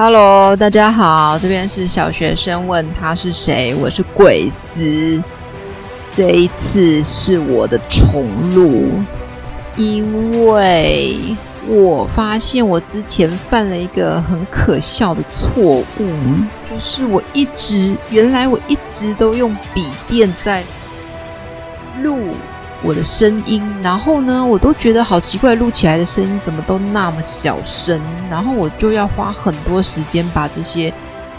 Hello，大家好，這邊是小學生問他是誰，我是鬼斯。這一次是我的重錄，因為我發現我之前犯了一個很可笑的錯誤，就是我一直，原來我一直都用筆電在錄。我的聲音，然後呢，我都覺得好奇怪，錄起來的聲音怎麼都那麼小聲，然後我就要花很多時間把這些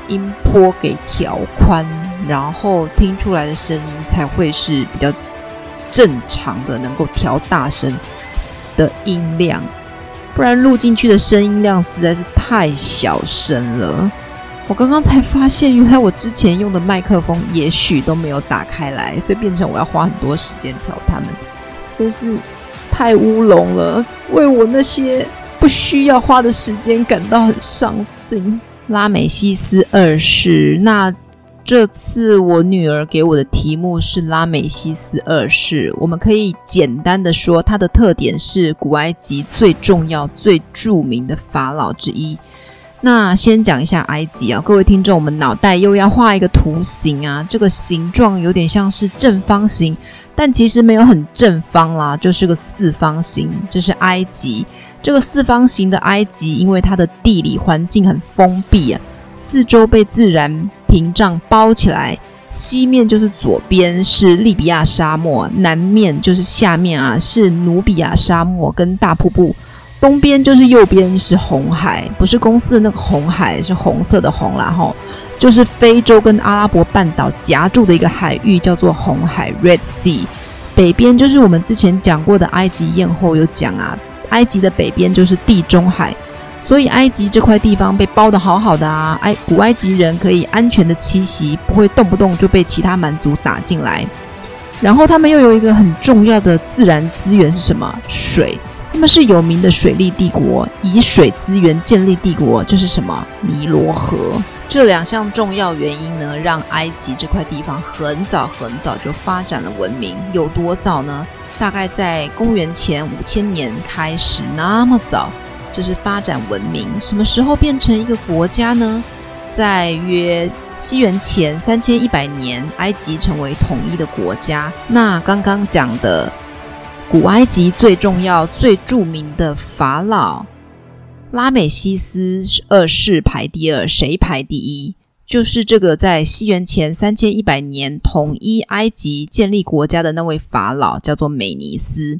音波給調寬，然後聽出來的聲音才會是比較正常的，能夠調大聲的音量，不然錄進去的聲音量實在是太小聲了。我剛剛才發現，原來我之前用的麥克風也許都沒有打開來，所以變成我要花很多時間調它們，真是太烏龍了。為我那些不需要花的時間感到很傷心。拉美西斯二世，那這次我女兒給我的題目是拉美西斯二世。我們可以簡單的說，他的特點是古埃及最重要、最著名的法老之一。那先講一下埃及啊，各位聽眾，我們腦袋又要畫一個圖形啊，這個形狀有點像是正方形，但其實沒有很正方啦，就是個四方形，這是埃及。這個四方形的埃及，因為它的地理環境很封閉啊，四周被自然屏障包起來，西面就是左邊是利比亞沙漠，南面就是下面啊，是努比亞沙漠跟大瀑布。東邊就是右邊是紅海，不是公司的那個紅海，是紅色的紅啦吼，就是非洲跟阿拉伯半島夾住的一個海域，叫做紅海 （Red Sea）。北邊就是我們之前講過的埃及艷後有講啊，埃及的北邊就是地中海，所以埃及這塊地方被包得好好的啊，埃，古埃及人可以安全的棲息，不會動不動就被其他蠻族打進來。然後他們又有一個很重要的自然資源是什麼？水。那麼是有名的水利帝國，以水資源建立帝國，這是什麼？尼羅河。這兩項重要原因呢，讓埃及這塊地方很早很早就發展了文明。有多早呢？大概在公元前五千年開始，那麼早，這是發展文明。什麼時候變成一個國家呢？在約西元前三千一百年，埃及成為統一的國家。那剛剛講的。古埃及最重要、最著名的法老拉美西斯二世排第二，誰排第一？就是這個在西元前三千一百年統一埃及、建立國家的那位法老，叫做美尼斯。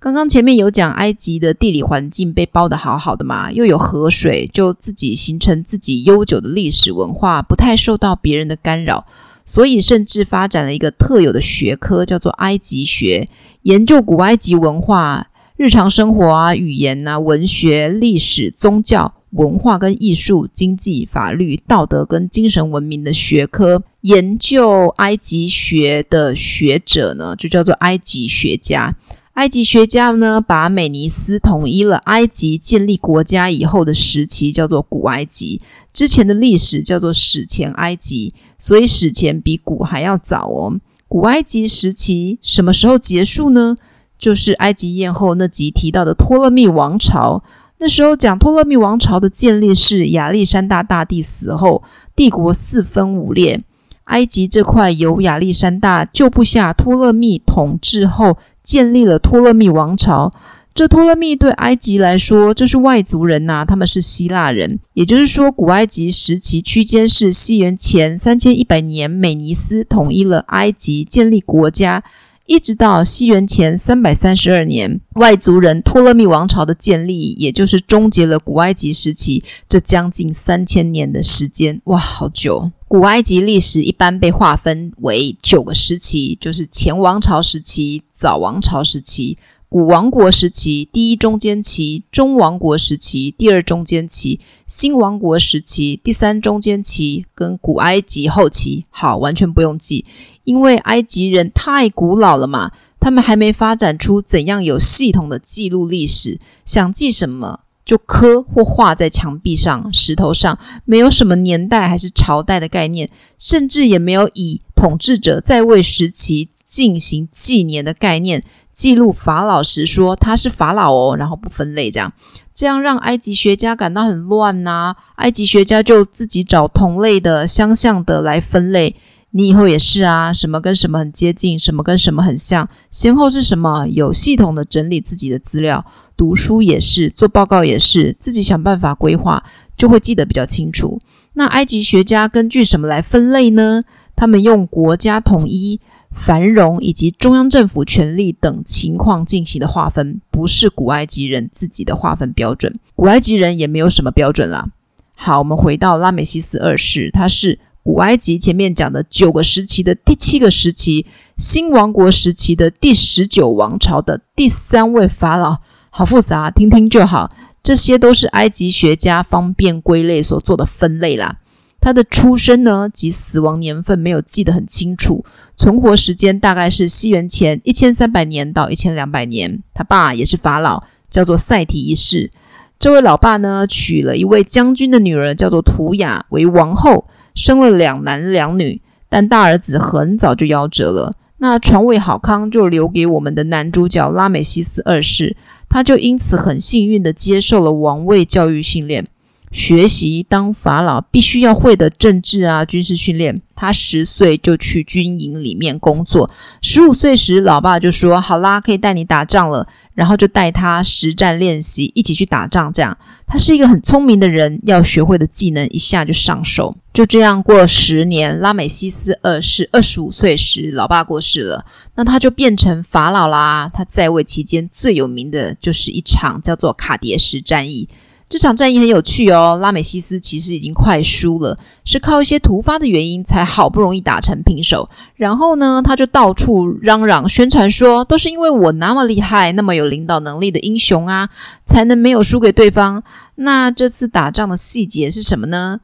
剛剛前面有講埃及的地理環境被包得好好的嘛，又有河水，就自己形成自己悠久的歷史文化，不太受到別人的干擾。所以，甚至發展了一個特有的學科，叫做埃及學，研究古埃及文化、日常生活啊、語言吶、啊、文學、歷史、宗教、文化跟藝術、經濟、法律、道德跟精神文明的學科。研究埃及學的學者呢，就叫做埃及學家。埃及學家呢，把美尼斯統一了埃及，建立國家以後的時期叫做古埃及，之前的歷史叫做史前埃及。所以史前比古還要早哦。古埃及時期什麼時候結束呢？就是埃及艷後那集提到的托勒密王朝。那時候講托勒密王朝的建立是亞歷山大大帝死後，帝國四分五裂，埃及這塊由亞歷山大舊部下托勒密統治後。建立了托勒密王朝，這托勒密對埃及來說就是外族人吶、啊，他們是希臘人。也就是說，古埃及時期區間是西元前三千一百年，美尼斯統一了埃及，建立國家。一直到西元前三百三十二年，外族人托勒密王朝的建立，也就是終結了古埃及時期，這將近三千年的時間。哇，好久！古埃及歷史一般被劃分為九個時期，就是前王朝時期、早王朝時期、古王國時期、第一中間期、中王國時期、第二中間期、新王國時期、第三中間期跟古埃及後期。好，完全不用記。因為埃及人太古老了嘛，他們還沒發展出怎樣有系統的記錄歷史，想記什麼就刻或畫在牆壁上、石頭上，沒有什麼年代還是朝代的概念，甚至也沒有以統治者在位時期進行紀年的概念。記錄法老時說他是法老哦，然後不分類這樣，這樣讓埃及學家感到很亂吶、啊。埃及學家就自己找同類的、相像的來分類。你以後也是啊，什麼跟什麼很接近，什麼跟什麼很像，先後是什麼？有系統的整理自己的資料，讀書也是，做報告也是，自己想辦法規劃，就會記得比較清楚。那埃及學家根據什麼來分類呢？他們用國家統一、繁榮以及中央政府權力等情況進行的劃分，不是古埃及人自己的劃分標準。古埃及人也沒有什麼標準啦。好，我們回到拉美西斯二世，他是。古埃及前面講的九個時期的第七個時期，新王國時期的第十九王朝的第三位法老，好複雜啊，聽聽就好。這些都是埃及學家方便歸類所做的分類啦。他的出生呢及死亡年份沒有記得很清楚，存活時間大概是西元前一千三百年到一千兩百年。他爸也是法老，叫做塞提一世。這位老爸呢，娶了一位將軍的女兒，叫做圖雅為王後，生了兩男兩女，但大兒子很早就夭折了。那傳位好康就留給我們的男主角拉美西斯二世，他就因此很幸運地接受了王位教育訓練，學習當法老必須要會的政治啊、軍事訓練。他十歲就去軍營裡面工作，十五歲時，老爸就說：“好啦，可以帶你打仗了。”然後就帶他實戰練習，一起去打仗。這樣，他是一個很聰明的人，要學會的技能一下就上手。就這樣過了十年，拉美西斯二世二十五歲時，老爸過世了，那他就變成法老啦。他在位期間最有名的就是一場叫做卡迭石戰役。這場戰役很有趣哦，拉美西斯其實已經快輸了，是靠一些突發的原因才好不容易打成平手。然後呢，他就到處嚷嚷宣傳說，都是因為我那麼厲害、那麼有領導能力的英雄啊，才能沒有輸給對方。那這次打仗的細節是什麼呢？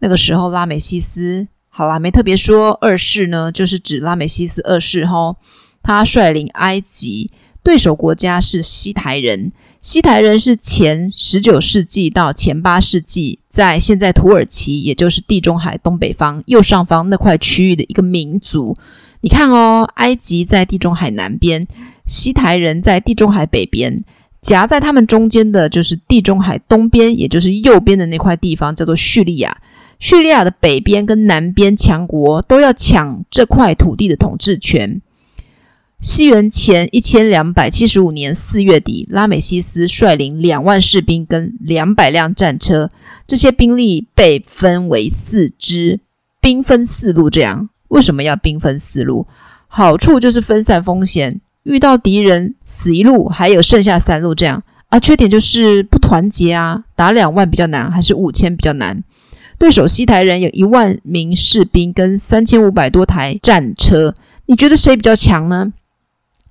那個時候拉美西斯，好啦，沒特別說二世呢，就是指拉美西斯二世齁，他率領埃及，對手國家是西台人。西台人是前十九世紀到前八世紀，在現在土耳其，也就是地中海東北方右上方那塊區域的一個民族。你看哦，埃及在地中海南邊，西台人在地中海北邊，夾在他們中間的就是地中海東邊，也就是右邊的那塊地方，叫做敘利亞。敘利亞的北邊跟南邊強國都要搶這塊土地的統治權。西元前一千兩百七十五年四月底，拉美西斯率領兩萬士兵跟兩百輛戰車，這些兵力被分為四支，兵分四路這樣，為什麼要兵分四路？好處就是分散風險，遇到敵人死一路，還有剩下三路這樣。啊，缺點就是不團結啊，打兩萬比較難，還是五千比較難？對手西台人有一萬名士兵跟三千五百多台戰車，你覺得誰比較強呢？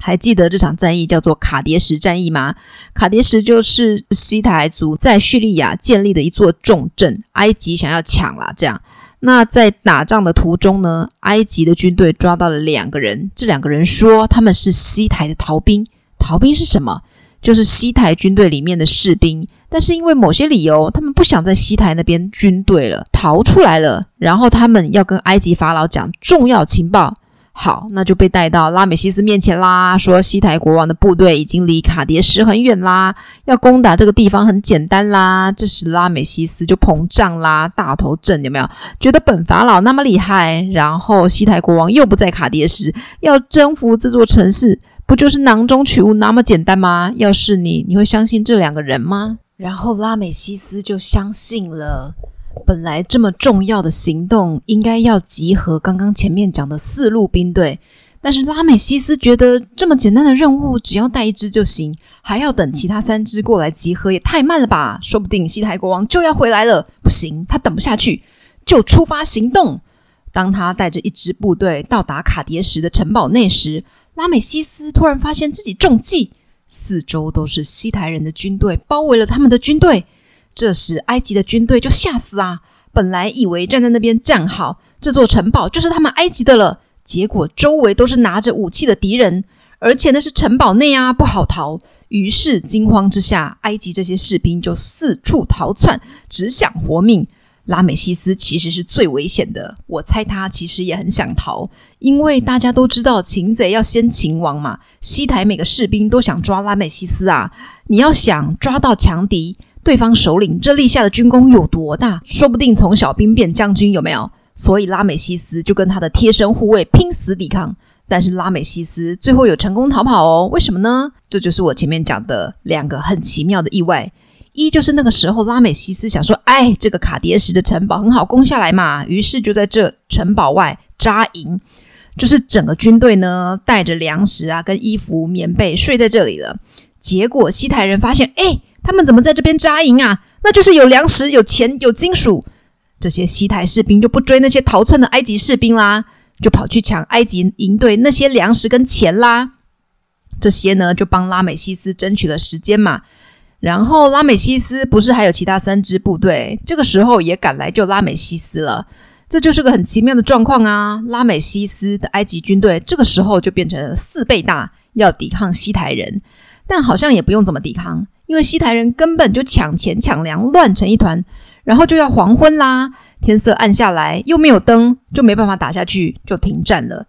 還記得這場戰役叫做卡迭石戰役嗎？卡迭石就是西台族在敘利亞建立的一座重鎮，埃及想要搶啦，這樣。那在打仗的途中呢，埃及的軍隊抓到了兩個人，這兩個人說他們是西台的逃兵。逃兵是什麼？就是西台軍隊裡面的士兵，但是因為某些理由，他們不想在西台那邊軍隊了，逃出來了。然後他們要跟埃及法老講重要情報。好，那就被帶到拉美西斯面前啦。說西台國王的部隊已經離卡迭石很遠啦，要攻打這個地方很簡單啦。這時拉美西斯就膨脹啦，大頭症有沒有？覺得本法老那麼厲害。然後西台國王又不在卡迭石，要征服這座城市，不就是囊中取物那麼簡單嗎？要是你，你會相信這兩個人嗎？然後拉美西斯就相信了。本來這麼重要的行動，應該要集合剛剛前面講的四路兵隊，但是拉美西斯覺得這麼簡單的任務只要帶一支就行，還要等其他三支過來集合也太慢了吧？嗯、說不定西台國王就要回來了，不行，他等不下去，就出發行動。當他帶着一支部隊到達卡迭石的城堡內時，拉美西斯突然發現自己中計，四周都是西台人的軍隊，包圍了他們的軍隊。這時，埃及的軍隊就嚇死啊！本來以為站在那邊站好，這座城堡就是他們埃及的了。結果周圍都是拿着武器的敵人，而且那是城堡內啊，不好逃。於是驚慌之下，埃及這些士兵就四處逃竄，只想活命。拉美西斯其實是最危險的，我猜他其實也很想逃，因為大家都知道擒賊要先擒王嘛。西台每個士兵都想抓拉美西斯啊！你要想抓到強敵。對方首領這立下的軍功有多大？說不定從小兵變將軍有沒有？所以拉美西斯就跟他的貼身護衛拼死抵抗，但是拉美西斯最後有成功逃跑哦，為什麼呢？這就是我前面講的兩個很奇妙的意外。一就是那個時候拉美西斯想說：“哎，這個卡迭石的城堡很好攻下來嘛。”於是就在這城堡外紮營，就是整個軍隊呢帶着糧食啊跟衣服、棉被睡在這裡了。結果西台人發現，哎。他們怎麼在這邊紮營啊？那就是有糧食、有錢、有金屬，這些西台士兵就不追那些逃竄的埃及士兵啦，就跑去搶埃及營隊那些糧食跟錢啦。這些呢，就幫拉美西斯爭取了時間嘛。然後拉美西斯不是還有其他三支部隊，這個時候也趕來救拉美西斯了。這就是個很奇妙的狀況啊！拉美西斯的埃及軍隊這個時候就變成了四倍大，要抵抗西台人，但好像也不用怎麼抵抗。因為西台人根本就搶錢搶糧，亂成一團，然後就要黃昏啦，天色暗下來，又沒有燈，就沒辦法打下去，就停戰了。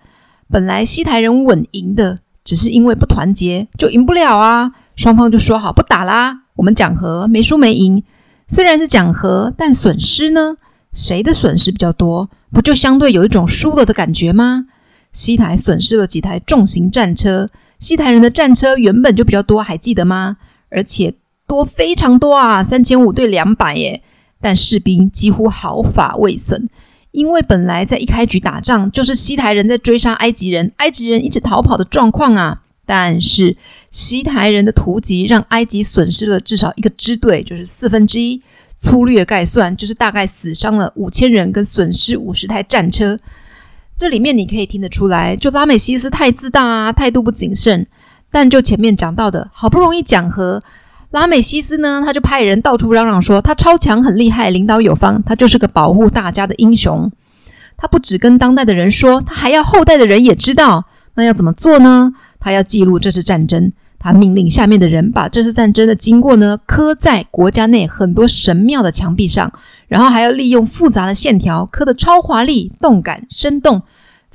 本來西台人穩贏的，只是因為不團結就贏不了啊。雙方就說好不打啦，我們講和，沒輸沒贏。雖然是講和，但損失呢？誰的損失比較多？不就相對有一種輸了的感覺嗎？西台損失了幾台重型戰車，西台人的戰車原本就比較多，還記得嗎？而且多非常多啊，三千五對兩百耶，但士兵幾乎毫髮未損，因為本來在一開局打仗就是西台人在追殺埃及人，埃及人一直逃跑的狀況啊。但是西台人的突擊讓埃及損失了至少一個支隊，就是四分之一，粗略概算，就是大概死傷了五千人，跟損失五十台戰車。這裡面你可以聽得出來，就拉美西斯太自大啊，態度不謹慎。但就前面講到的，好不容易講和，拉美西斯呢，他就派人到處嚷嚷說他超強很厲害，領導有方，他就是個保護大家的英雄。他不只跟當代的人說，他還要後代的人也知道。那要怎麼做呢？他要記錄這次戰爭，他命令下面的人把這次戰爭的經過呢刻在國家內很多神廟的牆壁上，然後還要利用複雜的線條刻得超華麗、動感、生動。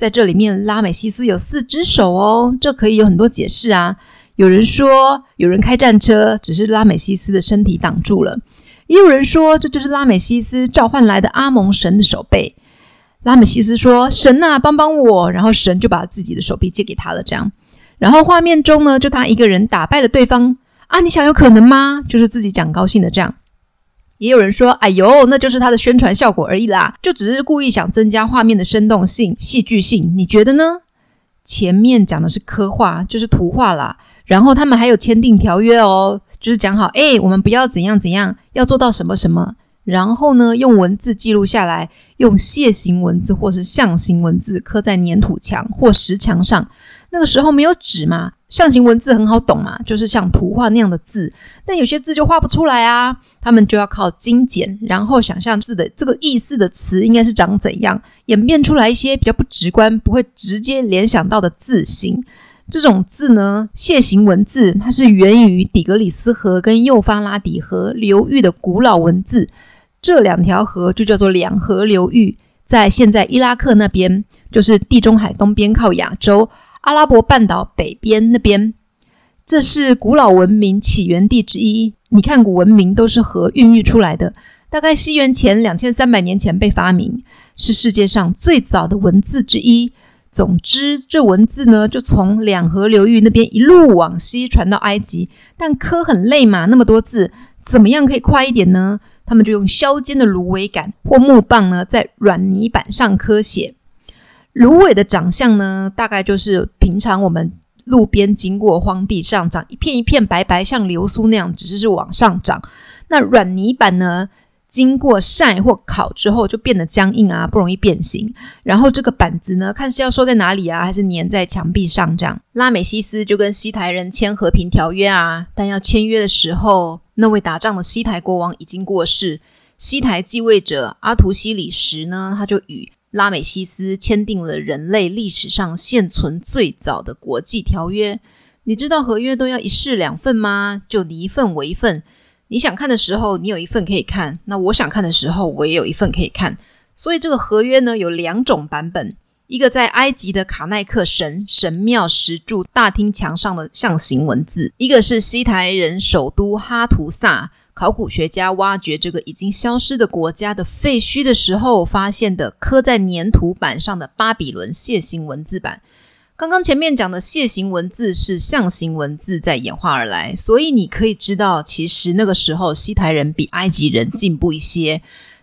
在這裡面，拉美西斯有四隻手哦，這可以有很多解釋啊。有人說有人開戰車，只是拉美西斯的身體擋住了；也有人說這就是拉美西斯召喚來的阿蒙神的手臂。拉美西斯說：“神啊，幫幫我！”然後神就把自己的手臂借給他了。這樣，然後畫面中呢，就他一個人打敗了對方啊。你想有可能嗎？就是自己講高興的這樣。也有人說，哎呦，那就是它的宣傳效果而已啦，就只是故意想增加畫面的生動性、戲劇性。你覺得呢？前面講的是刻畫，就是圖畫啦。然後他們還有簽訂條約哦，就是講好，誒，我們不要怎樣怎樣，要做到什麼什麼。然後呢，用文字記錄下來，用楔形文字或是象形文字刻在粘土牆或石牆上。那個時候沒有紙嘛。象形文字很好懂嘛，就是像圖畫那樣的字，但有些字就畫不出來啊，他們就要靠精簡，然後想象字的這個意思的詞應該是長怎樣，演變出來一些比較不直觀、不會直接聯想到的字形。這種字呢，楔形文字，它是源於底格里斯河跟幼發拉底河流域的古老文字，這兩條河就叫做兩河流域，在現在伊拉克那邊，就是地中海東邊靠亞洲。阿拉伯半島北邊那邊，這是古老文明起源地之一。你看，古文明都是河孕育出來的，大概西元前兩千三百年前被發明，是世界上最早的文字之一。總之，這文字呢，就從兩河流域那邊一路往西傳到埃及。但刻很累嘛，那麼多字，怎麼樣可以快一點呢？他們就用削尖的蘆葦桿或木棒呢，在軟泥板上刻寫。蘆葦的長相呢，大概就是平常我們路邊經過荒地上長一片一片白白，像流蘇那樣，只是是往上長。那軟泥板呢，經過曬或烤之後就變得僵硬啊，不容易變形。然後這個板子呢，看是要收在哪裡啊，還是粘在牆壁上這樣？拉美西斯就跟西台人簽和平條約啊，但要簽約的時候，那位打仗的西台國王已經過世，西台繼位者阿圖西里什呢，他就與。拉美西斯簽訂了人類歷史上現存最早的國際條約。你知道合約都要一式兩份嗎？就你一份我一份。你想看的時候，你有一份可以看；那我想看的時候，我也有一份可以看。所以這個合約呢，有兩種版本：一個在埃及的卡奈克神神廟石柱大廳牆上的象形文字，一個是西台人首都哈圖薩，考古學家挖掘這個已經消失的國家的廢墟的時候，發現的刻在粘土板上的巴比倫楔形文字板。剛剛前面講的楔形文字是象形文字在演化而來，所以你可以知道，其實那個時候西台人比埃及人進步一些。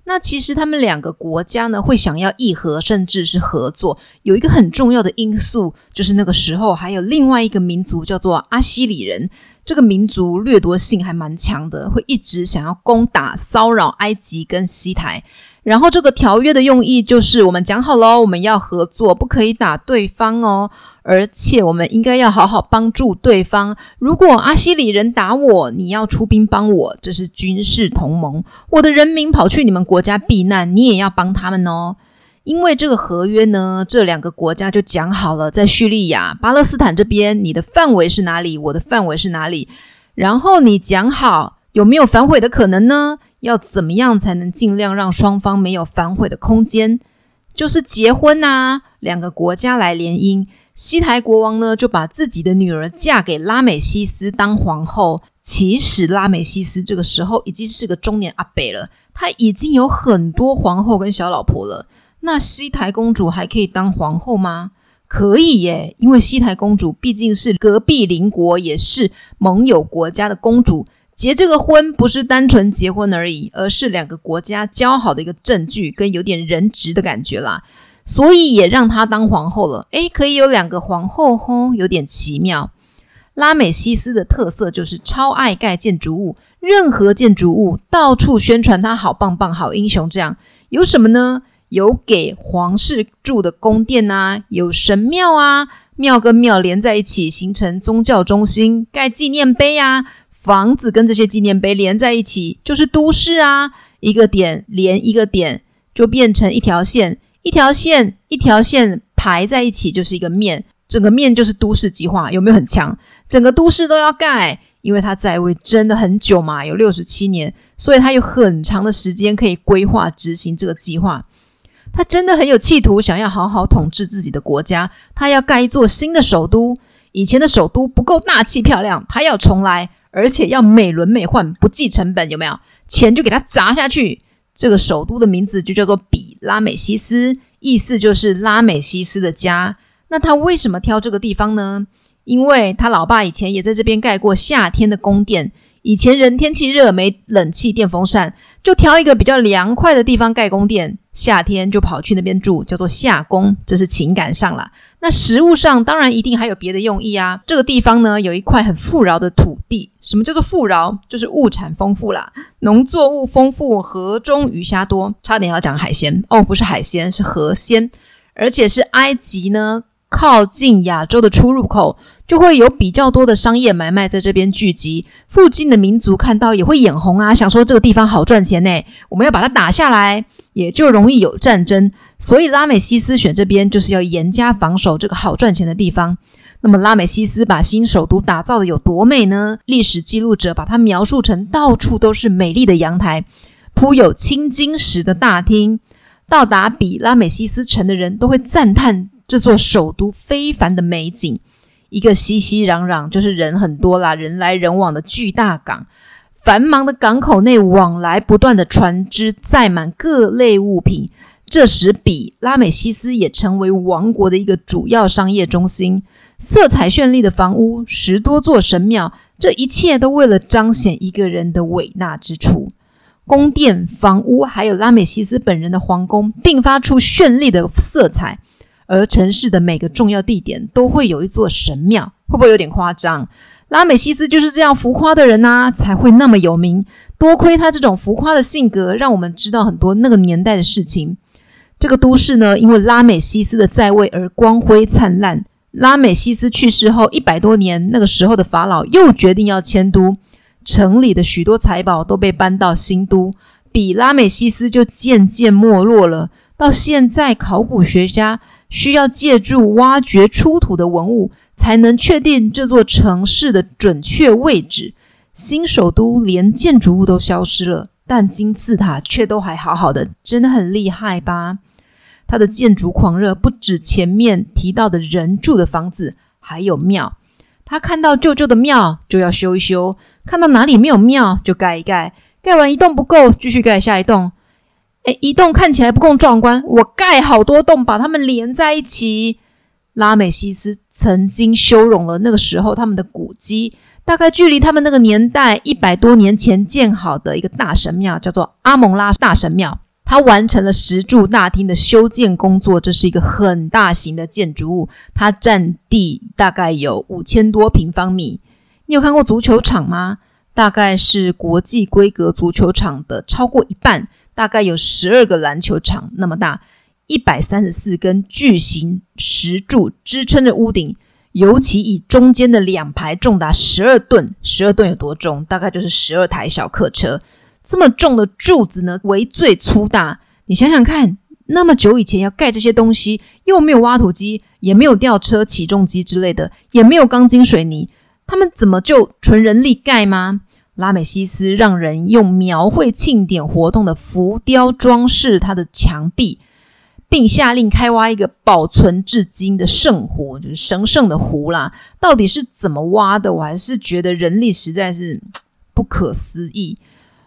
那其實他們兩個國家呢，會想要議和，甚至是合作。有一個很重要的因素，就是那個時候還有另外一個民族叫做阿西里人，這個民族掠奪性還蠻強的，會一直想要攻打、騷擾埃及跟西台。然後這個條約的用意就是，我們講好嘍，我們要合作，不可以打對方哦。而且我們應該要好好幫助對方。如果阿西里人打我，你要出兵幫我，這是軍事同盟。我的人民跑去你們國家避難，你也要幫他們哦。因為這個合約呢，這兩個國家就講好了，在敘利亞、巴勒斯坦這邊，你的範圍是哪裡，我的範圍是哪裡。然後你講好有沒有反悔的可能呢？要怎麼樣才能盡量讓雙方沒有反悔的空間？就是結婚啊，兩個國家來聯姻。西台國王呢，就把自己的女兒嫁給拉美西斯當皇後。其實拉美西斯這個時候已經是個中年阿北了，他已經有很多皇後跟小老婆了。那西台公主還可以當皇後嗎？可以耶，因為西台公主畢竟是隔壁鄰國，也是盟友國家的公主，結這個婚不是單純結婚而已，而是兩個國家交好的一個證據，跟有點人質的感覺啦。所以也讓她當皇後了，誒，可以有兩個皇后吼，有點奇妙。拉美西斯的特色就是超愛蓋建築物，任何建築物到處宣傳他好棒棒、好英雄。這樣有什麼呢？有給皇室住的宮殿啊，有神廟啊，廟跟廟連在一起形成宗教中心，蓋紀念碑啊，房子跟這些紀念碑連在一起就是都市啊，一個點連一個點就變成一條線。一條線一條線排在一起就是一個面，整個面就是都市計劃，有沒有很強？整個都市都要蓋，因為他在位真的很久嘛，有六十七年，所以他有很長的時間可以規劃執行這個計劃。他真的很有企圖，想要好好統治自己的國家。他要蓋一座新的首都，以前的首都不夠大氣漂亮，他要重來，而且要美輪美奐，不計成本，有沒有？錢就給他砸下去。這個首都的名字就叫做比拉美西斯。意思就是拉美西斯的家。那他為什麼挑這個地方呢？因為他老爸以前也在這邊蓋過夏天的宮殿。以前人天氣熱，沒冷氣、電風扇，就挑一個比較涼快的地方蓋宮殿。夏天就跑去那邊住，叫做夏宮，這是情感上啦。那食物上當然一定還有別的用意啊。這個地方呢有一塊很富饒的土地，什麼叫做富饒？就是物產豐富啦，農作物豐富，河中魚蝦多。差點要講海鮮哦，不是海鮮，是河鮮，而且是埃及呢靠近亞洲的出入口。就會有比較多的商業買賣在這邊聚集，附近的民族看到也會眼紅啊，想說這個地方好賺錢呢，欸，我們要把它打下來，也就容易有戰爭。所以拉美西斯選這邊就是要嚴加防守這個好賺錢的地方。那麼拉美西斯把新首都打造得有多美呢？歷史記錄者把它描述成到處都是美麗的陽台，鋪有青金石的大廳。到達比拉美西斯城的人都會讚嘆這座首都非凡的美景。一個熙熙攘攘，就是人很多啦，人來人往的巨大港，繁忙的港口內往來不斷的船隻，載滿各類物品。這時比，比拉美西斯也成為王國的一個主要商業中心。色彩絢麗的房屋，十多座神廟，這一切都為了彰顯一個人的偉大之處。宮殿、房屋，還有拉美西斯本人的皇宮，迸發出絢麗的色彩。而城市的每個重要地點都會有一座神廟，會不會有點誇張？拉美西斯就是這樣浮誇的人呢、啊，才會那麼有名。多虧他這種浮誇的性格，讓我們知道很多那個年代的事情。這個都市呢，因為拉美西斯的在位而光輝燦爛。拉美西斯去世後一百多年，那個時候的法老又決定要遷都，城裡的許多財寶都被搬到新都，比拉美西斯就漸漸沒落了。到現在，考古學家需要借助挖掘出土的文物，才能確定這座城市的準確位置。新首都連建築物都消失了，但金字塔卻都還好好的，真的很厲害吧？他的建築狂熱不止前面提到的人住的房子，還有廟。他看到舊舊的廟就要修一修，看到哪裡沒有廟就蓋一蓋，蓋完一棟不夠，繼續蓋下一棟。誒，一棟看起來不夠壯觀，我蓋好多棟，把它們連在一起。拉美西斯曾經修容了那個時候他們的古蹟，大概距離他們那個年代一百多年前建好的一個大神廟，叫做阿蒙拉大神廟，他完成了石柱大廳的修建工作。這是一個很大型的建築物，它佔地大概有五千多平方米。你有看過足球場嗎？大概是國際規格足球場的超過一半。大概有十二個籃球場那麼大，一百三十四根巨型石柱支撐的屋頂，尤其以中間的兩排，重達十二噸。十二噸有多重？大概就是十二台小客車。這麼重的柱子呢，為最粗大。你想想看，那麼久以前要蓋這些東西，又沒有挖土機，也沒有吊車、起重機之類的，也沒有鋼筋水泥，他們怎麼就純人力蓋嗎？拉美西斯讓人用描繪慶典活動的浮雕裝飾他的牆壁，並下令開挖一個保存至今的聖湖，就是神聖的湖啦。到底是怎麼挖的？我還是覺得人力實在是不可思議。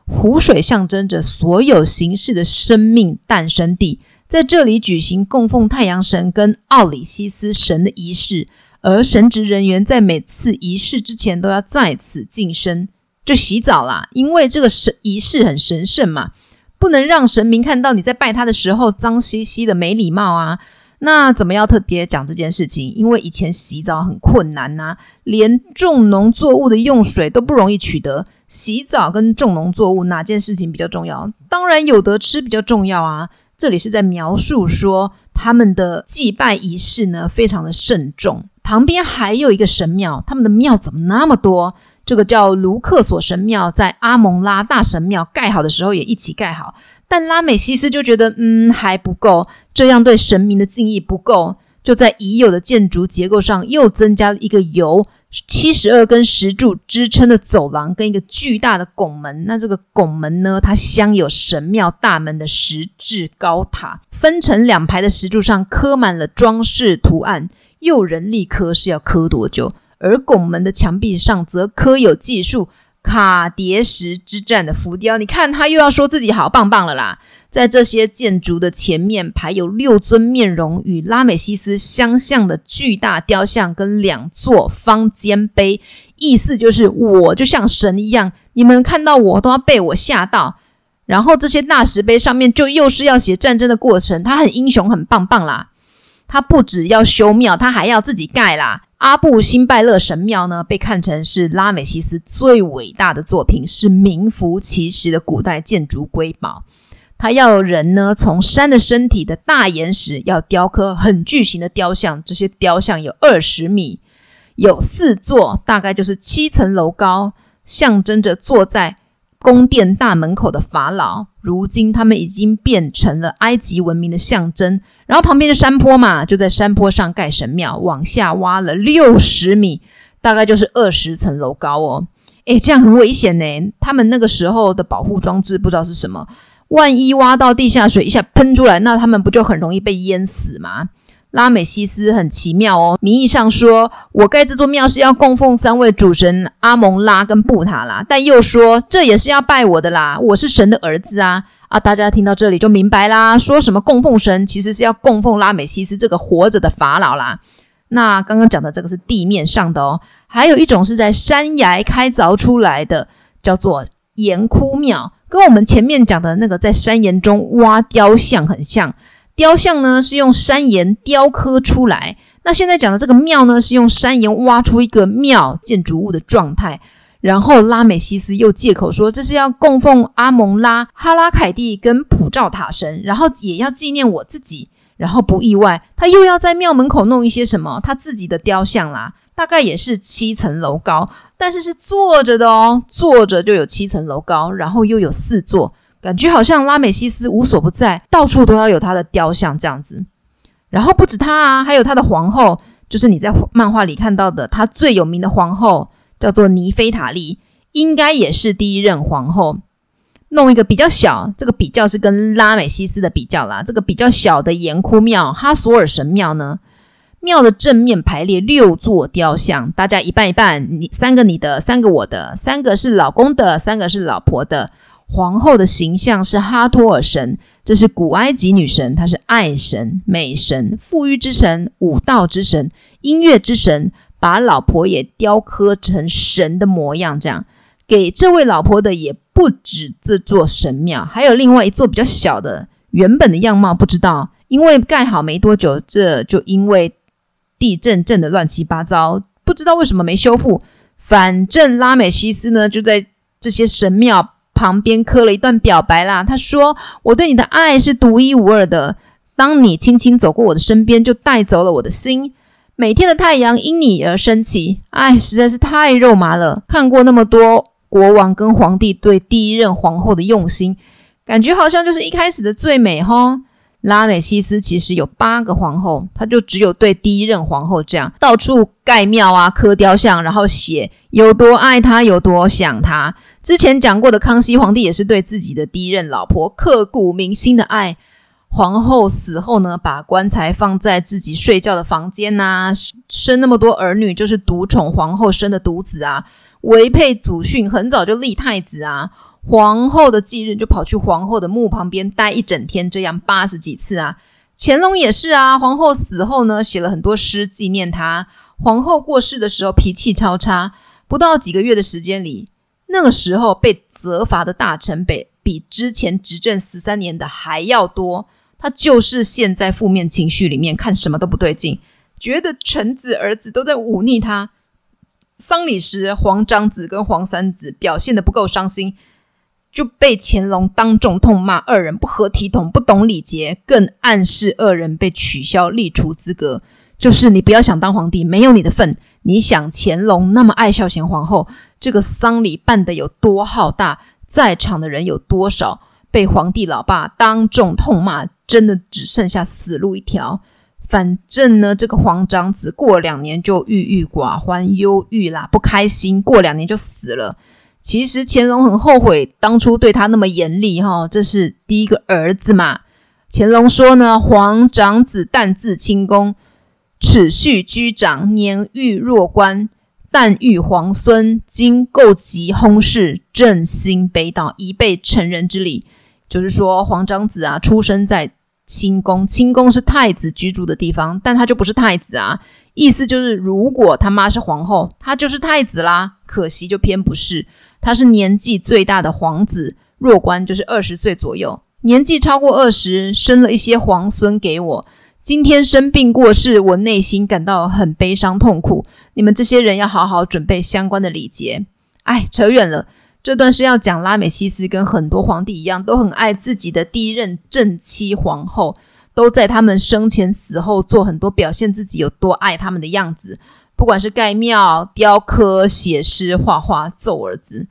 湖水象徵着所有形式的生命誕生地，在這裡舉行供奉太陽神跟奧裡西斯神的儀式，而神職人員在每次儀式之前都要在此淨身。就洗澡啦，因為這個神儀式很神聖嘛，不能讓神明看到你在拜他的時候髒兮兮的，沒禮貌啊。那怎麼要特別講這件事情？因為以前洗澡很困難吶，啊，連種農作物的用水都不容易取得。洗澡跟種農作物哪件事情比較重要？當然有得吃比較重要啊。這裡是在描述說他們的祭拜儀式呢，非常的慎重。旁邊還有一個神廟，他們的廟怎麼那麼多？這個叫盧克索神廟,在阿蒙拉大神廟蓋好的時候也一起蓋好，但拉美西斯就覺得嗯，還不夠，這樣對神明的敬意不夠，就在已有的建築結構上又增加了一個由七十二根石柱支撐的走廊跟一個巨大的拱門。那這個拱門呢，它鑲有神廟大門的石質高塔，分成兩排的石柱上刻滿了裝飾圖案。用人力刻是要刻多久？而拱門的牆壁上則刻有記述卡迭石之戰的浮雕。你看，他又要說自己好棒棒了啦！在這些建築的前面排有六尊面容與拉美西斯相像的巨大雕像，跟兩座方尖碑。意思就是我就像神一樣，你們看到我都要被我嚇到。然後這些大石碑上面就又是要寫戰爭的過程，他很英雄，很棒棒啦！他不只要修廟，他還要自己蓋啦。阿布辛拜勒神廟呢，被看成是拉美西斯最偉大的作品，是名副其實的古代建築瑰寶。它要有人呢，從山的身體的大岩石要雕刻很巨型的雕像，這些雕像有二十米，有四座，大概就是七層樓高，象徵着坐在宮殿大門口的法老。如今，他們已經變成了埃及文明的象徵。然後旁邊的山坡嘛，就在山坡上蓋神廟，往下挖了六十米，大概就是二十層樓高哦。誒，這樣很危險欸。他們那個時候的保護裝置不知道是什麼，萬一挖到地下水一下噴出來，那他們不就很容易被淹死嗎？拉美西斯很奇妙哦，名義上說我蓋這座廟是要供奉三位主神阿蒙、拉跟布塔啦，但又說這也是要拜我的啦，我是神的兒子啊啊！大家聽到這裡就明白啦，說什麼供奉神，其實是要供奉拉美西斯這個活着的法老啦。那剛剛講的這個是地面上的哦，還有一種是在山崖開鑿出來的，叫做岩窟廟，跟我們前面講的那個在山岩中挖雕像很像。雕像呢是用山岩雕刻出來，那現在講的這個廟呢是用山岩挖出一個廟建築物的狀態。然後拉美西斯又借口說這是要供奉阿蒙拉、哈拉凱蒂跟普照塔神，然後也要紀念我自己。然後不意外，他又要在廟門口弄一些什麼他自己的雕像啦、啊，大概也是七層樓高，但是是坐着的哦，坐着就有七層樓高，然後又有四座。感覺好像拉美西斯無所不在，到處都要有他的雕像這樣子。然後不止他啊，還有他的皇後，就是你在漫畫裡看到的，他最有名的皇后叫做尼菲塔利，應該也是第一任皇後。弄一個比較小，這個比較是跟拉美西斯的比較啦。這個比較小的岩窟廟哈索爾神廟呢，廟的正面排列六座雕像，大家一半一半，你三個你的，三個我的，三個是老公的，三個是老婆的。皇後的形象是哈托爾神，這是古埃及女神，她是愛神、美神、富裕之神、舞蹈之神、音樂之神，把老婆也雕刻成神的模樣。這樣給這位老婆的也不止這座神廟，還有另外一座比較小的，原本的樣貌不知道，因為蓋好沒多久，這就因為地震震得亂七八糟，不知道為什麼沒修復。反正拉美西斯呢，就在這些神廟。旁邊刻了一段表白啦，他說：“我對你的愛是獨一無二的。當你輕輕走過我的身邊，就帶走了我的心。每天的太陽因你而升起，哎，實在是太肉麻了。看過那麼多國王跟皇帝對第一任皇後的用心，感覺好像就是一開始的最美吼。”拉美西斯其實有八個皇後，他就只有對第一任皇後這樣，到處蓋廟啊、刻雕像，然後寫有多愛她、有多想她。之前講過的康熙皇帝也是對自己的第一任老婆刻骨銘心的愛，皇后死後呢，把棺材放在自己睡覺的房間呐、啊，生那麼多兒女就是獨寵皇后生的獨子啊，違背祖訓很早就立太子啊。皇後的忌日就跑去皇後的墓旁邊待一整天，這樣八十幾次啊。乾隆也是啊。皇后死後呢，寫了很多詩紀念她。皇后過世的時候脾氣超差，不到幾個月的時間裡，那個時候被責罰的大臣比比之前執政十三年的還要多。他就是陷在負面情緒裡面，看什麼都不對勁，覺得臣子兒子都在忤逆他。喪禮時，皇長子跟皇三子表現得不夠傷心。就被乾隆當眾痛罵，二人不合體統、不懂禮節，更暗示二人被取消立儲資格，就是你不要想當皇帝，沒有你的份。你想乾隆那麼愛孝賢皇後，這個喪禮辦得有多浩大，在場的人有多少？被皇帝老爸當眾痛罵，真的只剩下死路一條。反正呢，這個皇長子過兩年就鬱鬱寡歡、憂鬱啦，不開心，過兩年就死了。其實乾隆很後悔當初對他那麼嚴厲哈、哦，這是第一個兒子嘛。乾隆說呢，皇長子誕自清宮，齒序居長，年逾弱冠，旦遇皇孫，今遘疾薨逝，朕心悲悼，宜備成人之禮。就是說，皇長子啊，出生在清宮，清宮是太子居住的地方，但他就不是太子啊。意思就是，如果他媽是皇後，他就是太子啦。可惜就偏不是，他是年紀最大的皇子，弱冠就是二十歲左右。年紀超過二十，生了一些皇孫給我。今天生病過世，我內心感到很悲傷痛苦。你們這些人要好好準備相關的禮節。哎，扯遠了。這段是要講拉美西斯跟很多皇帝一樣，都很愛自己的第一任正妻皇後。都在他們生前死後做很多表現自己有多愛他們的樣子，不管是蓋廟、雕刻、寫詩、畫畫、揍兒子。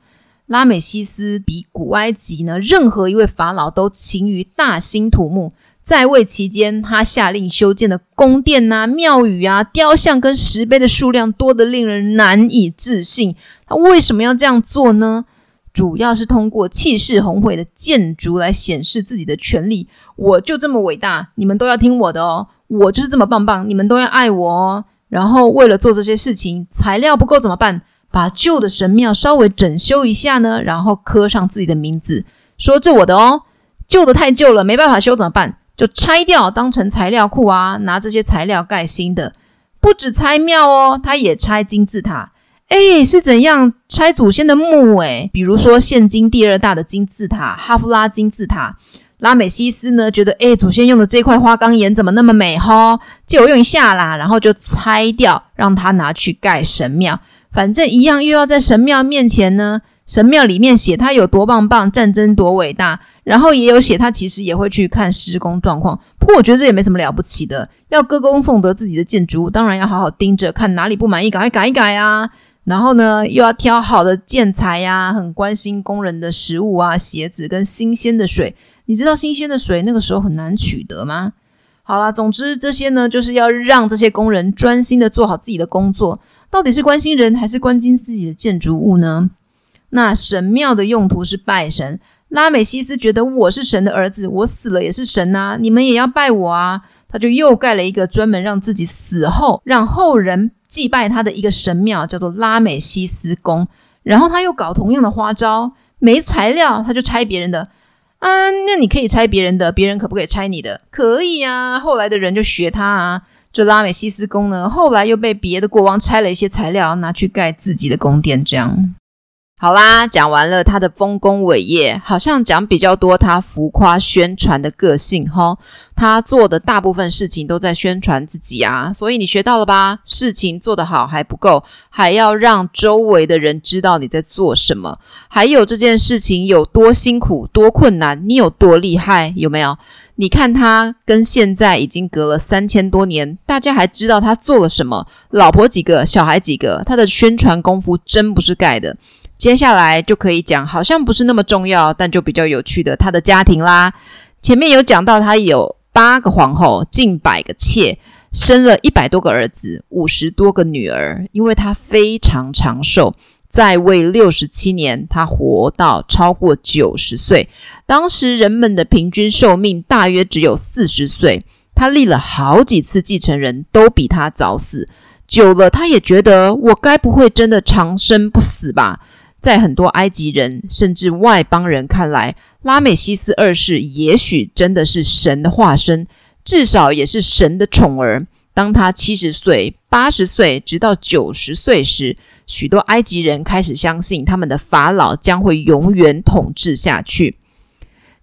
拉美西斯比古埃及呢，任何一位法老都勤於大興土木，在位期間，他下令修建的宮殿吶、啊、廟宇啊、雕像跟石碑的數量多得令人難以置信。他為什麼要這樣做呢？主要是通過氣勢宏偉的建築來顯示自己的權力。我就這麼偉大，你們都要聽我的哦。我就是這麼棒棒，你們都要愛我哦。然後為了做這些事情，材料不夠怎麼辦？把舊的神廟稍微整修一下呢？然後刻上自己的名字，說這我的哦。舊的太舊了，沒辦法修怎麼辦？就拆掉，當成材料庫啊，拿這些材料蓋新的。不止拆廟哦，他也拆金字塔。哎，是怎樣拆祖先的墓？哎，比如說現今第二大的金字塔——哈夫拉金字塔，拉美西斯呢？覺得哎，祖先用的這塊花崗岩怎麼那麼美吼？借我用一下啦，然後就拆掉，讓他拿去蓋神廟。反正一樣，又要在神廟面前呢。神廟裡面寫他有多棒棒，戰爭多偉大，然後也有寫他其實也會去看施工狀況。不過我覺得這也沒什麼了不起的。要歌功頌德自己的建築，當然要好好盯着看哪裡不滿意，趕快改一改啊。然後呢，又要挑好的建材呀，、啊，很關心工人的食物啊、鞋子跟新鮮的水。你知道新鮮的水那個時候很難取得嗎？好了，總之這些呢，就是要讓這些工人專心的做好自己的工作。到底是關心人還是關心自己的建築物呢？那神廟的用途是拜神。拉美西斯覺得我是神的兒子，我死了也是神啊，你們也要拜我啊。他就又蓋了一個專門讓自己死後讓後人祭拜他的一個神廟，叫做拉美西斯宮。然後他又搞同樣的花招，沒材料他就拆別人的。啊，那你可以拆別人的，別人可不可以拆你的？可以啊。後來的人就學他啊，這拉美西斯宮呢，後來又被別的國王拆了一些材料，拿去蓋自己的宮殿，這樣。好啦，講完了他的豐功偉業，好像講比較多他浮誇宣傳的個性哈。他做的大部分事情都在宣傳自己啊，所以你學到了吧？事情做得好還不夠，還要讓周圍的人知道你在做什麼，還有這件事情有多辛苦、多困難，你有多厲害，有沒有？你看他跟現在已經隔了三千多年，大家還知道他做了什麼，老婆幾個，小孩幾個，他的宣傳功夫真不是蓋的。接下來就可以講，好像不是那麼重要，但就比較有趣的他的家庭啦。前面有講到，他有八個皇後，近百個妾，生了一百多個兒子，五十多個女兒。因為他非常長壽，在位六十七年，他活到超過九十歲。當時人們的平均壽命大約只有四十歲。他立了好幾次繼承人都比他早死，久了他也覺得，我該不會真的長生不死吧？在很多埃及人甚至外邦人看來，拉美西斯二世也許真的是神的化身，至少也是神的寵兒。當他七十歲、八十歲，直到九十歲時，許多埃及人開始相信他們的法老將會永遠統治下去，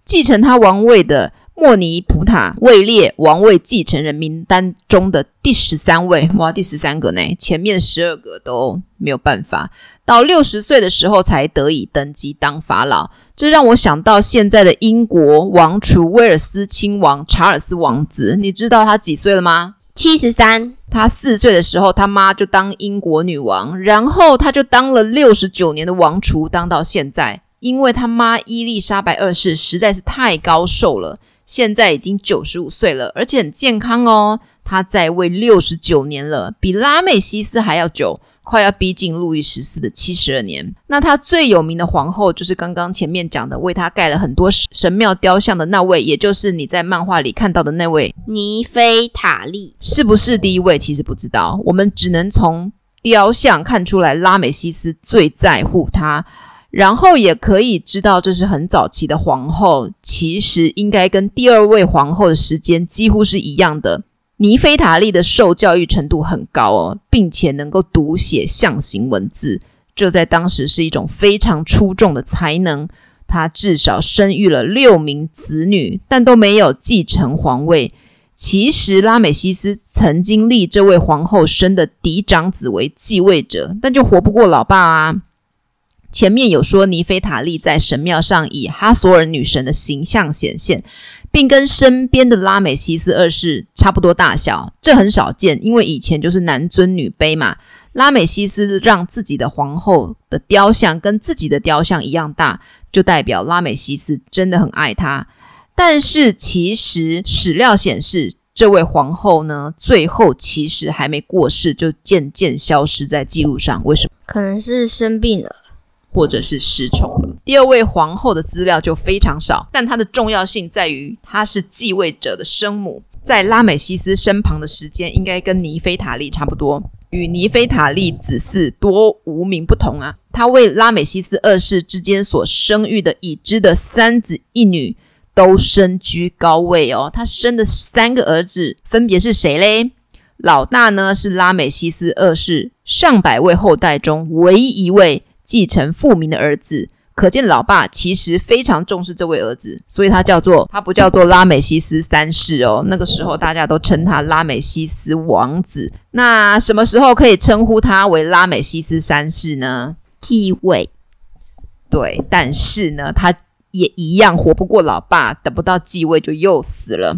繼承他王位的莫尼普塔位列王位繼承人名單中的第十三位，哇，第十三個呢？前面十二個都沒有辦法。到六十歲的時候才得以登基當法老，這讓我想到現在的英國王儲威爾斯親王查爾斯王子。你知道他幾歲了嗎？七十三。他四歲的時候，他媽就當英國女王，然後他就當了六十九年的王儲，當到現在，因為他媽伊麗莎白二世實在是太高壽了。現在已經九十五歲了，而且很健康哦。他在位六十九年了，比拉美西斯還要久，快要逼近路易十四的七十二年。那他最有名的皇後就是剛剛前面講的，為他蓋了很多神廟雕像的那位，也就是你在漫畫裡看到的那位尼菲塔利，是不是第一位？其實不知道，我們只能從雕像看出來拉美西斯最在乎她。然後也可以知道，這是很早期的皇後，其實應該跟第二位皇後的時間幾乎是一樣的。尼菲塔利的受教育程度很高哦，並且能夠讀寫象形文字，這在當時是一種非常出眾的才能。她至少生育了六名子女，但都沒有繼承皇位。其實拉美西斯曾經立這位皇后生的嫡長子為繼位者，但就活不過老爸啊。前面有說尼菲塔利在神廟上以哈索爾女神的形象顯現，並跟身邊的拉美西斯二世差不多大小，這很少見，因為以前就是男尊女卑嘛。拉美西斯讓自己的皇後的雕像跟自己的雕像一樣大，就代表拉美西斯真的很愛她。但是其實史料顯示，這位皇後呢，最後其實還沒過世，就漸漸消失在記錄上。為什麼？可能是生病了。或者是失寵了。第二位皇後的資料就非常少，但她的重要性在於她是繼位者的生母，在拉美西斯身旁的時間應該跟尼菲塔利差不多。與尼菲塔利子嗣多無名不同啊，她為拉美西斯二世之間所生育的已知的三子一女都身居高位哦。她生的三個兒子分別是誰嘞？老大呢是拉美西斯二世上百位後代中唯一一位繼承父名的兒子，可見老爸其實非常重視這位兒子，所以他叫做他不叫做拉美西斯三世哦，那個時候大家都稱他拉美西斯王子。那什麼時候可以稱呼他為拉美西斯三世呢？繼位，對，但是呢，他也一樣活不過老爸，等不到繼位就又死了。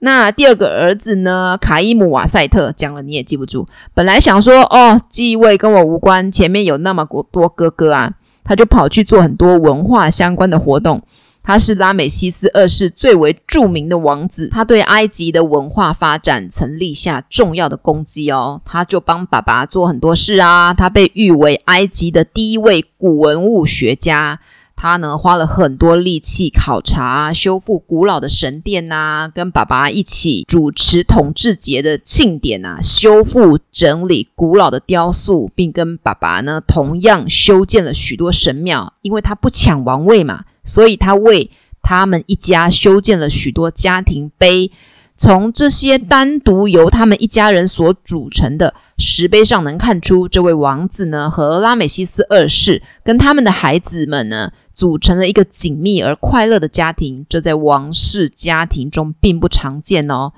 那第二個兒子呢？卡伊姆·瓦塞特講了你也記不住。本來想說哦，繼位跟我無關，前面有那麼多哥哥啊，他就跑去做很多文化相關的活動。他是拉美西斯二世最為著名的王子，他對埃及的文化發展曾立下重要的功績哦。他就幫爸爸做很多事啊，他被譽為埃及的第一位古文物學家。他呢，花了很多力氣考察、修復古老的神殿吶、啊，跟爸爸一起主持統治節的慶典吶、啊，修復整理古老的雕塑，並跟爸爸呢同樣修建了許多神廟。因為他不搶王位嘛，所以他為他們一家修建了許多家庭碑。從這些單獨由他們一家人所組成的石碑上，能看出這位王子呢，和拉美西斯二世跟他們的孩子們呢，組成了一個緊密而快樂的家庭。這在王室家庭中並不常見哦。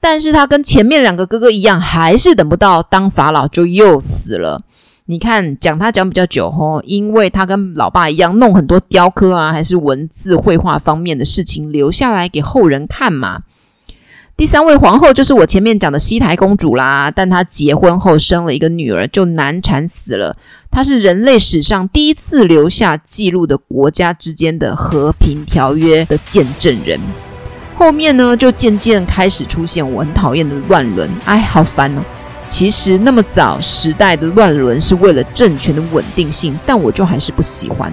但是他跟前面兩個哥哥一樣，還是等不到當法老就又死了。你看，講他講比較久哦，因為他跟老爸一樣，弄很多雕刻啊，還是文字繪畫方面的事情，留下來給後人看嘛。第三位皇後就是我前面講的西台公主啦，但她結婚後生了一個女兒，就難產死了。她是人類史上第一次留下記錄的國家之間的和平條約的見證人。後面呢，就漸漸開始出現我很討厭的亂倫，哎，好煩哦。其實那麼早時代的亂倫是為了政權的穩定性，但我就還是不喜歡。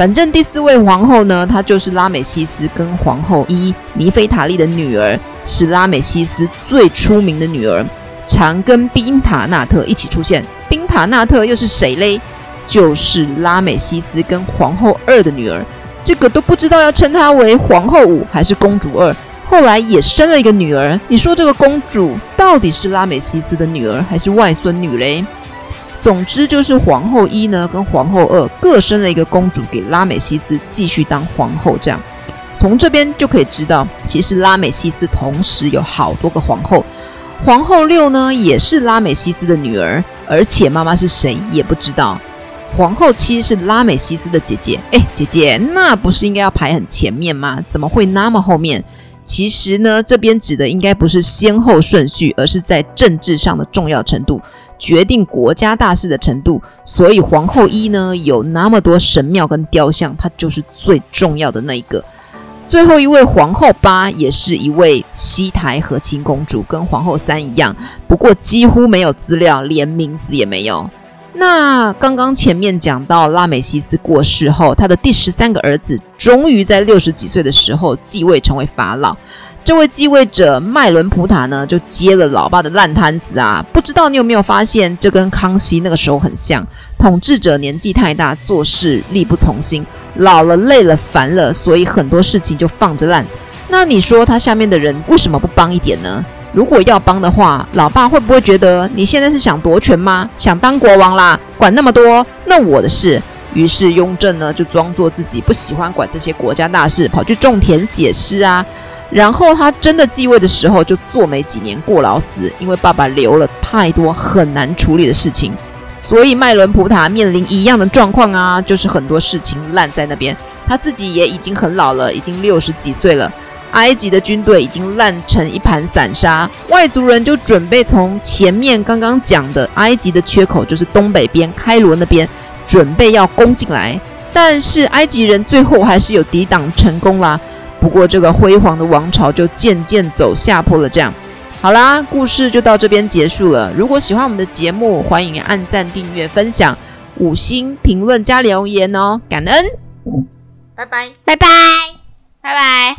反正第四位皇後呢，她就是拉美西斯跟皇後一妮菲塔利的女兒，是拉美西斯最出名的女兒，常跟賓塔納特一起出現。賓塔納特又是誰嘞？就是拉美西斯跟皇后二的女兒，這個都不知道要稱她為皇后五還是公主二。後來也生了一個女兒，你說這個公主到底是拉美西斯的女兒還是外孫女嘞？總之就是皇後一呢，跟皇后二各生了一個公主，給拉美西斯繼續當皇後。這樣，從這邊就可以知道，其實拉美西斯同時有好多個皇後。皇后六呢，也是拉美西斯的女兒，而且媽媽是誰也不知道。皇后七是拉美西斯的姐姐，哎，姐姐那不是應該要排很前面嗎？怎麼會那麼後面？其實呢，這邊指的應該不是先後順序，而是在政治上的重要程度。決定國家大事的程度，所以皇後一呢，有那麼多神廟跟雕像，它就是最重要的那一個。最後一位皇后八也是一位西台和親公主，跟皇后三一樣，不過幾乎沒有資料，連名字也沒有。那剛剛前面講到拉美西斯過世後，他的第十三個兒子終於在六十幾歲的時候繼位成為法老。這位繼位者麥倫普塔呢，就接了老爸的爛攤子啊。不知道你有沒有發現，這跟康熙那個時候很像，統治者年紀太大，做事力不從心，老了累了煩了，所以很多事情就放着爛。那你說他下面的人為什麼不幫一點呢？如果要幫的話，老爸會不會覺得你現在是想奪權嗎？想當國王啦，管那麼多，那我的事。於是雍正呢，就裝作自己不喜歡管這些國家大事，跑去種田寫詩啊。然後他真的繼位的時候，就坐沒幾年過勞死，因為爸爸留了太多很難處理的事情，所以麥倫普塔面臨一樣的狀況啊，就是很多事情爛在那邊，他自己也已經很老了，已經六十幾歲了。埃及的軍隊已經爛成一盤散沙，外族人就準備從前面剛剛講的埃及的缺口，就是東北邊開羅那邊，準備要攻進來，但是埃及人最後還是有抵擋成功啦。不過，這個輝煌的王朝就漸漸走下坡了。這樣，好啦，故事就到這邊結束了。如果喜歡我們的節目，歡迎按贊、訂閱、分享、五星評論加留言哦，感恩，拜拜，拜拜，拜拜。拜拜。